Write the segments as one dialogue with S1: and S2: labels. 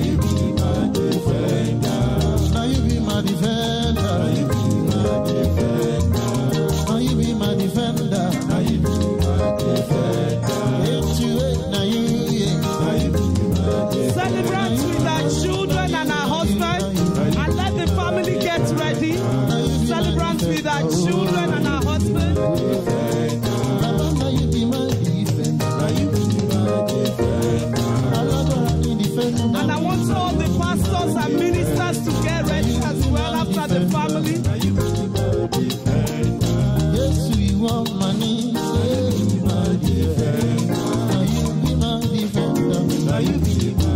S1: Now you be my defender. Now you be my defender. And I want all the pastors and ministers to get ready as well after the family. Yes, we want money. Are you be my defender? Are you be my defender?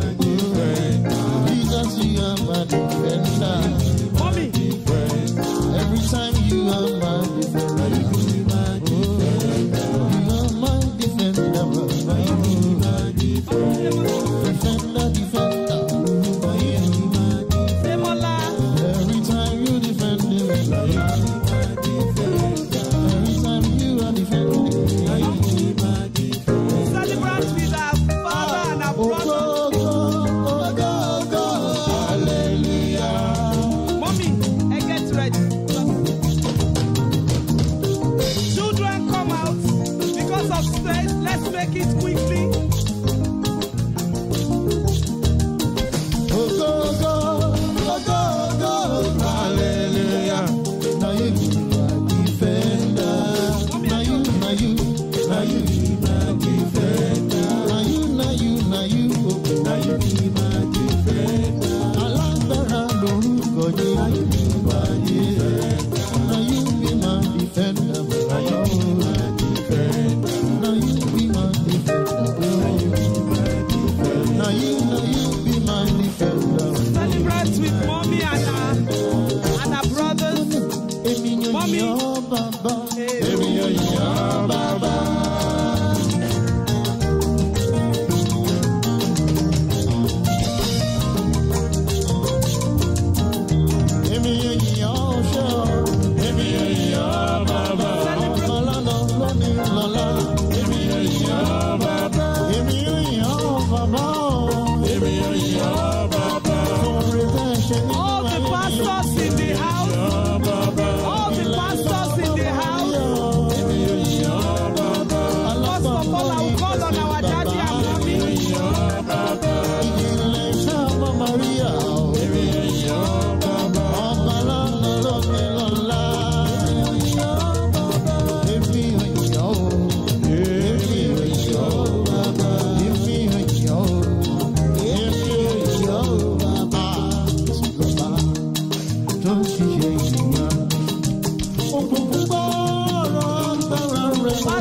S1: Let's make it quickly.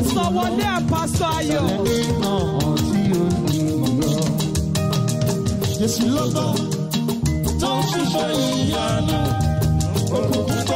S1: pásítọ̀ wọlé ẹ̀ pásítọ̀ ayọ̀. Jésù lọ́gbọ́n tó ń ṣiṣẹ́ ìyanu òkùnkùn.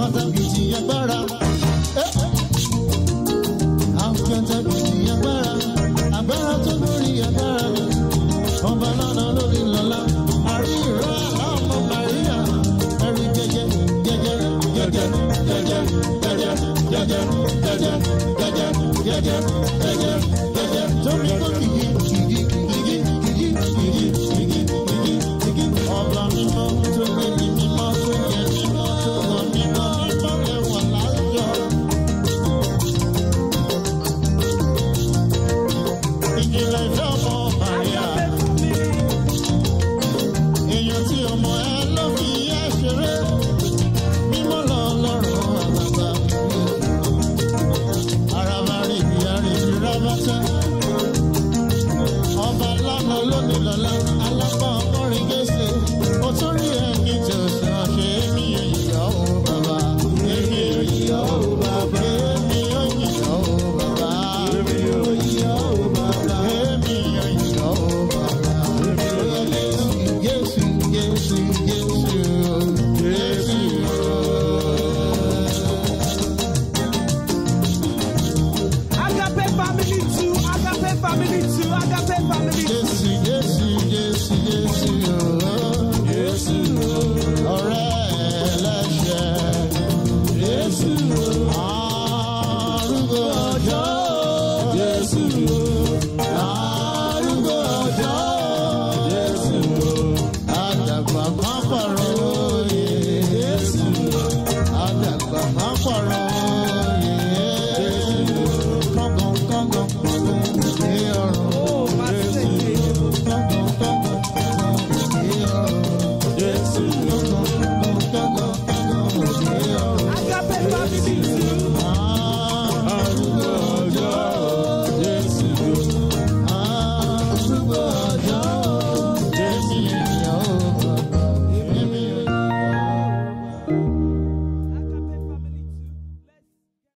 S1: fata beauty agbára. Afẹ́ta beauty agbára. Agbára tó lórí agbára. Ọba lọ́nà lórí lọ́lá. Àríra ọmọ Màríà. Ẹ̀rí jẹjẹ jẹjẹ jẹjẹ jẹjẹ jẹjẹ jẹjẹ jẹjẹ jẹjẹ jẹjẹ jẹjẹ jẹjẹ. Torí kò kì í. ọlọ́nilọ́lá alágbá